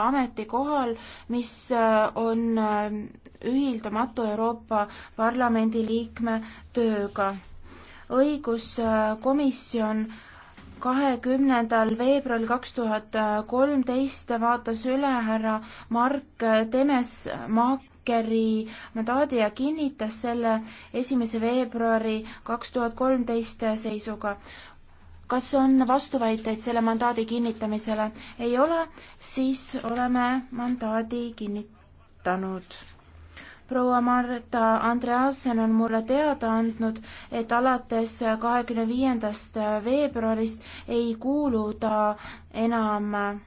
ametikohal, mis äh, on äh, ühildamatu Euroopa Parlamendi liikme tööga. õiguskomisjon äh, kahekümnendal veebruaril kaks tuhat kolmteist vaatas üle härra Mark Temesmaakeri mandaadi ja kinnitas selle esimese veebruari kaks tuhat kolmteist seisuga kas on vastuväiteid selle mandaadi kinnitamisele? ei ole, siis oleme mandaadi kinnitanud. proua Marta Andreasen on mulle teada andnud, et alates kahekümne viiendast veebruarist ei kuulu ta enam